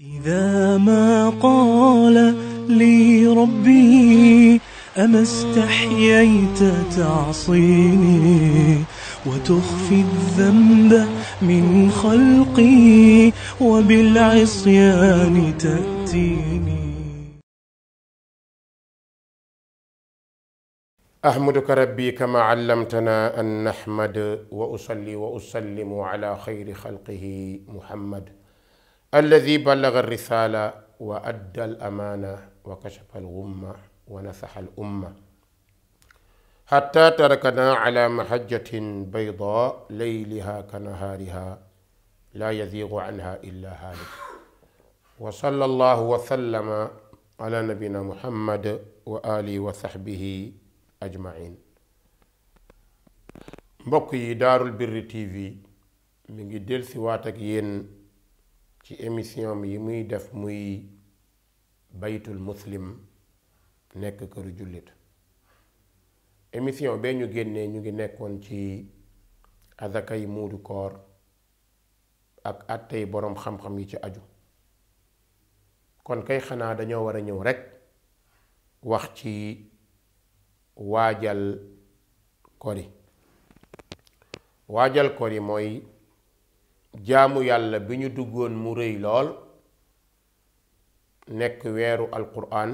إذا ما قال لي ربي أما استحييت تعصيني وتخفي الذنب من خلقي وبالعصيان تأتيني أحمدك ربي كما علمتنا أن نحمد وأصلي وأسلم على خير خلقه محمد alladi ballaga alrisala wa adda al amaana wa kashafa al gumma wa nasaxa al umma xatta tarakana ala mahajjatin bayda layliha ka nahaariha laa yaziigu anha illa haalik wa salla allahu wa sallama ala nabina muhammad wa alihi wa saxbihi ajmain mbokk yi daarul birri tv mi ngi dellusiwaat ak yéen ci émission yi muy def muy baytul muslim nekk këru jullit émission bee ñu génnee ñu ngi nekkoon ci azaka muudu koor ak àttey boroom xam-xam yi ci aju kon kay xanaa dañoo war a ñëw rekk wax ci waajal kori waajal kori mooy jaamu yàlla bi ñu duggoon mu rëy lool nekk weeru alquran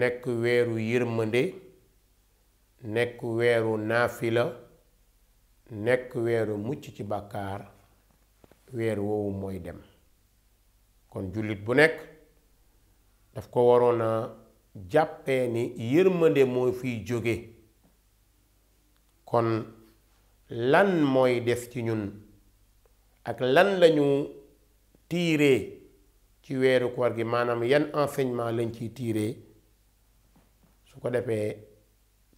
nekk weeru yërmande nekk weeru naafila nekk weeru mucc ci bàkkaar weer woowu mooy dem kon jullit bu nekk daf ko waroon a jàppee ni yërmande moo fiy jóge kon lan mooy def ci ñun ak lan lañu tiire ci weeru koor gi maanaam yan enseignement lañ ciy tiire su ko defee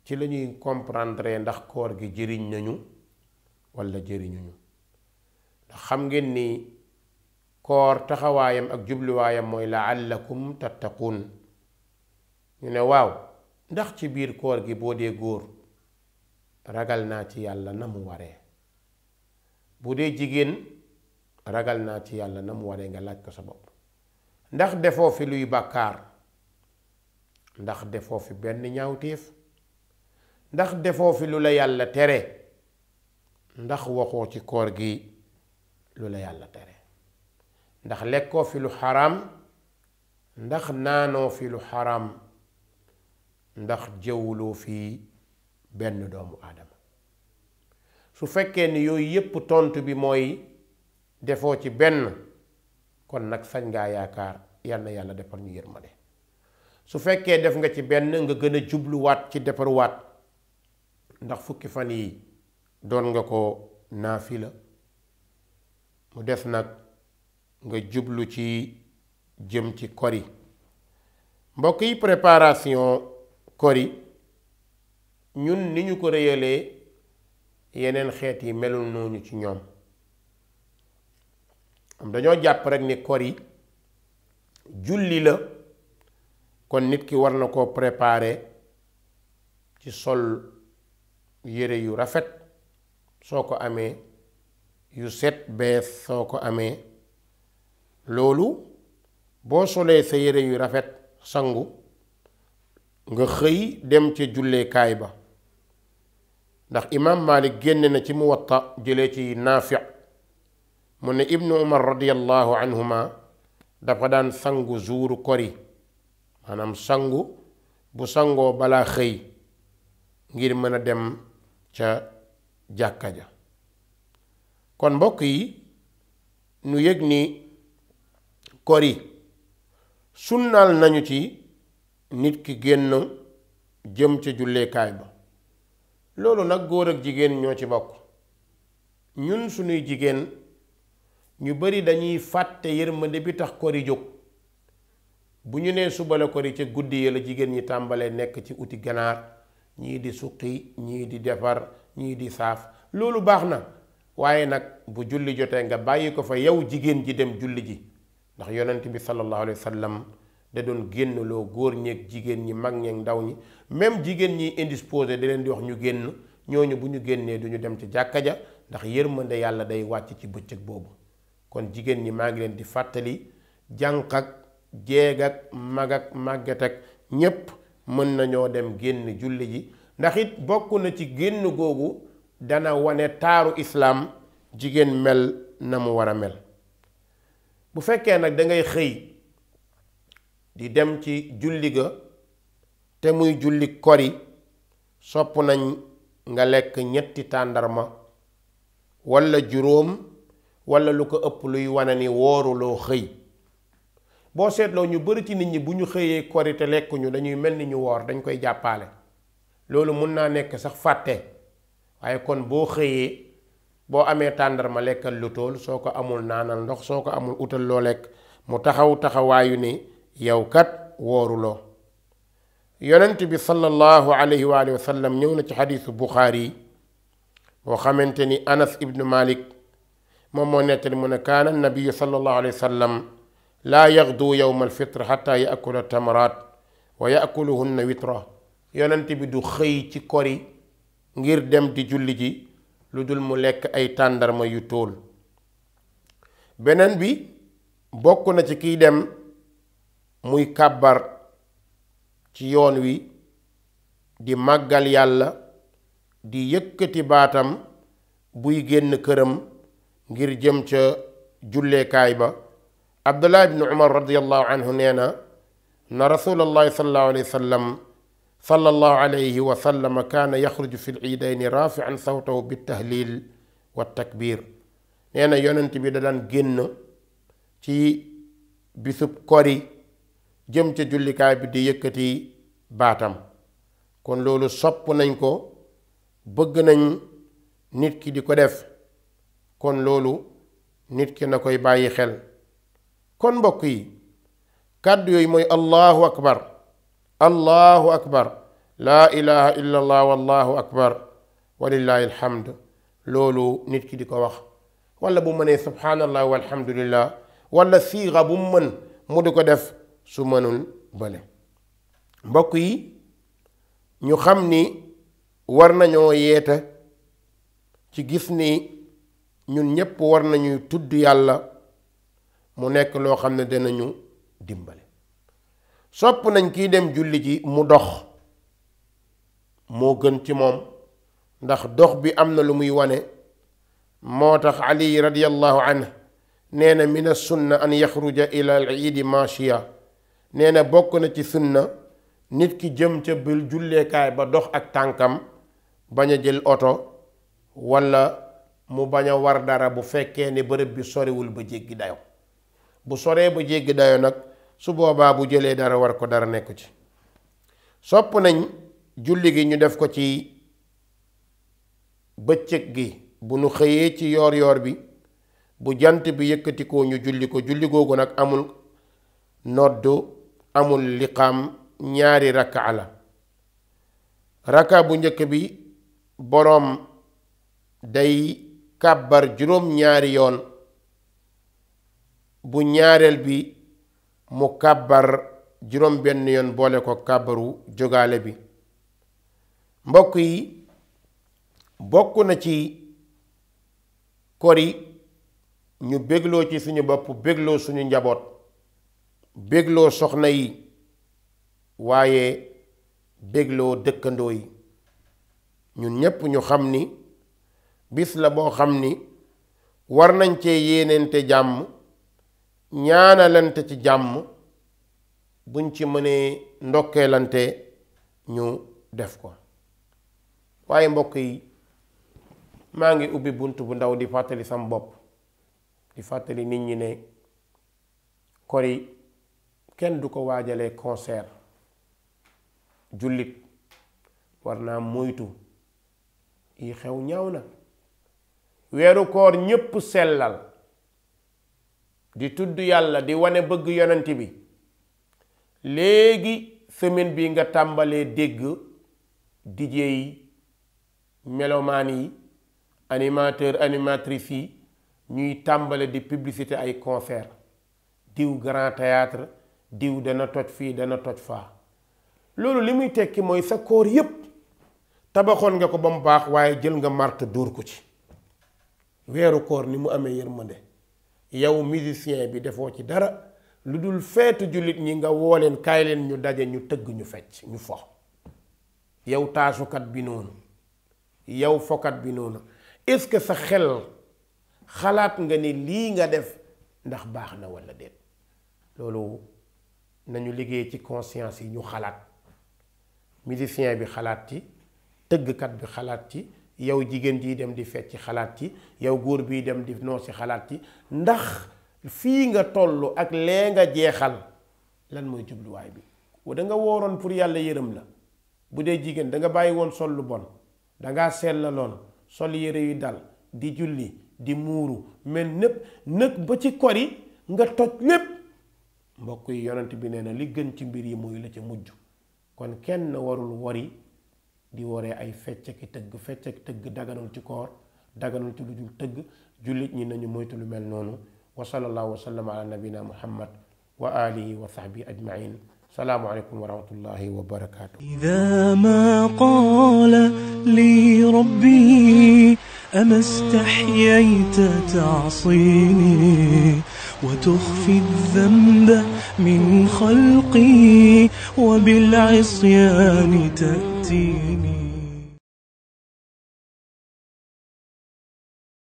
ci lañuy ñuy comprendre ndax koor gi jëriñ nañu walla jëriñuñu ndax xam ngeen ni koor taxawaayam ak jubluwaayam mooy laallakum tattaquun ñu ne waaw ndax ci biir koor gi boo dee góor ragal naa ci yàlla na mu waree bu dee jigéen ragal naa ci yàlla na mu waree nga laaj ko sa bopp ndax defoo fi luy bàkkaar ndax defoo fi benn ñaawteef ndax defoo fi lu la yàlla tere ndax waxoo ci koor gi lu la yàlla tere ndax lekkoo fi lu xaraam ndax naanoo fi lu xaram ndax jëwuloo fi benn doomu aadama su fekkee ni yooyu yépp tontu bi mooy defoo ci benn kon nag sañ ngaa yaakaar yal yàlla defar ñu yërmande su fekkee def nga ci benn nga gën a jubluwaat ci defarwaat ndax fukki fan yi doon nga ko naafila mu des nag nga jublu ci jëm ci kori mbokk yi préparation kori ñun ni ñu ko réyalee yeneen xeet yi melul noonu ci ñoom dañoo jàpp rek ni kori julli la kon nit ki war na koo préparer ci sol yére yu rafet soo ko amee yu set bees soo ko amee loolu boo solee sa yére yu rafet sangu nga xëy dem ca julleekaay ba ndax imaam Maalik génne na ci Muwatta jëlee ci Naafi' mu ne ibnu umar radiallahu anhuma dafa daan sangu zuuru kori maanaam sangu bu sangoo balaa xëy ngir mën a dem ca jàkka ja kon mbokk yi nu yëg ni kori sunnaal nañu ci nit ki génn jëm ca julleekaay ba loolu nag góor ak jigéen ñoo ci bokk ñun sunuy jigéen ñu bari dañuy fàtte yërmande bi tax kori jóg bu ñu nee suba la kori ca guddi ya la jigéen ñi tàmbalee nekk ci uti ganaar ñii di suqi ñii di defar ñii di saaf loolu baax na waaye nag bu julli jotee nga bàyyi ko fa yow jigéen ji dem julli ji ndax yonent bi sallallahu alayhi wa sallam da doon génnloo góor ñeeg jigéen ñi mag ñeeg ndaw ñi même jigéen ñi indisposé da leen di wax ñu génn ñooñu bu ñu génnee du ñu dem ci jàkka ja ndax yërmande yàlla day wàcc ci bëccëg boobu kon jigéen ñi maa ngi leen di fàttali jànq ak jeeg ak mag ak màgget ak ñépp mën nañoo dem génn julli ji ndaxit bokk na ci génn googu dana wane taaru islaam jigéen mel na mu war a mel bu fekkee nag dangay xëy di dem ci julli ga te muy julli kori sopp nañ nga lekk ñetti tàndarma walla juróom wala lu ko ëpp luy wane ni wooruloo xëy boo seetloo ñu bari ci nit ñi bu ñu xëyee korite lekkuñu dañuy mel ni ñu woor dañ koy jàppaale loolu mun naa nekk sax fàtte waaye kon boo xëyee boo amee tàndarma lekkal lu tool soo ko amul naanal ndox soo ko amul utal loo lekk mu taxaw taxawaayu ni yow kat wooruloo yonent bi sallallahu alayhi wa sallam ñëw na ci xadiisu buxaari boo xamante ni anas ibnu malik moom moo nettali mu ne kaana nabiyu sallallahu alayhi wa sallam laa yaxdu yowma alfitre xata yakula tamaraat wa yakuluhunna witra yonent bi du xëy ci kori ngir dem di julli ji lu dul mu lekk ay tàndarma yu tóol beneen bi bokk na ci kiy dem muy kàbbar ci yoon wi di màggal yàlla di yëkkati baatam buy génn këram ngir jëm ca julleekaay ba abdullah ibn umar radiallahu anhu nee na na rasulallahi salallahu alayhi wa sallam sallallahu alayhi wa sallama kaana yaxruju fi liidayni rafian sawtahu bi tahlil wa takbir nee yonent bi da daan génn ci bisub kori jëm ca jullikaay bi di yëkkati baatam kon loolu sopp nañ ko bëgg nañ nit ki di ko def kon loolu nit ki na koy bàyyi xel kon mbokk yi kàddu yooyu mooy allahu akbar allahu akbar laa ilaha illa allah wallahu akbar walillahi alhamd loolu nit ki di ko wax walla bu mënee subhaanallah walhamdulillah walla siixa bu mu mën mu di ko def su mënul bële mbokk yi ñu xam ni war nañoo yeete ci gis ni ñun ñépp war nañuy tudd yàlla mu nekk loo xam ne dinañu dimbale sopp nañ kiy dem julli ji mu dox moo gën ci moom ndax dox bi am na lu muy wane moo tax ali radiallahu anhu nee na min sunna an yaxruja ila al iidi maashiya nee na bokk na ci sunna nit ki jëm ca biir julleekaay ba dox ak tànkam bañ a jël oto walla mu bañ a war dara bu fekkee ne bërëb bi sorewul ba jéggi dayo bu soree ba jéggi dayo nag su boobaa bu jëlee dara war ko dara nekku ci sopp nañ julli gi ñu def ko ci bëccëg gi bu nu xëyee ci yoor yoor bi bu jant bi yëkkatikoo ñu julli ko julli googu nag amul nodd amul liqaam ñaari rakka la rakka bu njëkk bi boroom day kàbbar juróom ñaari yoon bu ñaareel bi mu kàbbar juróom benn yoon boole ko kàbbaru jógaale bi mbokk yi bokk na ci kori ñu bégloo ci suñu bopp bégloo suñu njaboot bégloo soxna yi waaye bégloo dëkkandoo yi ñun ñépp ñu xam ni bis la boo xam ni war nañ cee yéenente jàmm ñaanalante ci jàmm buñ ci mënee ndokkelante ñu def ko waaye mbokk yi maa ngi ubbi bunt bu ndaw di fàttali sam bopp di fàttali nit ñi ne kori kenn du ko waajalee concert jullit war naa moytu yi xew ñaaw na weeru koor ñépp sellal di tudd yàlla di wane bëgg yonent bi léegi semaine bi nga tàmbalee dégg DJ yi melomaan yi animateur animatrice yi ñuy tàmbale di publicité ay concert diw grand théâtre diw dana toj fii dana toj faa loolu li muy tekki mooy sa koor yépp tabaxoon nga ko ba mu baax waaye jël nga màrt dóor ko ci weeru koor ni mu amee yërmande yow musicien bi defoo ci dara lu dul feetu jullit ñi nga woo leen kaay leen ñu daje ñu tëgg ñu fecc ñu fo yow taasukat bi noonu yow fokat bi noonu est-ce que sa xel xalaat nga ni lii nga def ndax baax na walla déet loolu nañu liggéey ci conscience yi ñu xalaat musicien bi xalaat ci tëggkat bi xalaat ci yow jigéen jiy dem di fecc xalaat ci yow góor bii dem di noo si xalaat ci ndax fii nga toll ak lee nga jeexal lan mooy jubluwaay bi danga nga wooroon pour yàlla yërëm la bu dee jigéen danga nga bàyyi woon sol lu bon danga sellaloon sol yére yu dal di julli di muuru mel népp nag ba ci kori nga toj lépp mbokk yi yonent bi nee na li gën ci mbir yi mooy la ci mujj kon kenn warul wori di wooree ay fecc ki tëgg fecc ki tëgg daganul ci koor daganul ci lu dul tëgg jullit ñi nañu moytu lu mel noonu wa sallallahu wa sallam ala nabina muhammad wa alihi wa sahbi ajmain salaamu aleykum wa rahmatullahi wa barakatuh ida ma qala li rabbi ama stahyayta taasini وتخفي الذنب من خلقي وبالعصيان تأتي يأتيني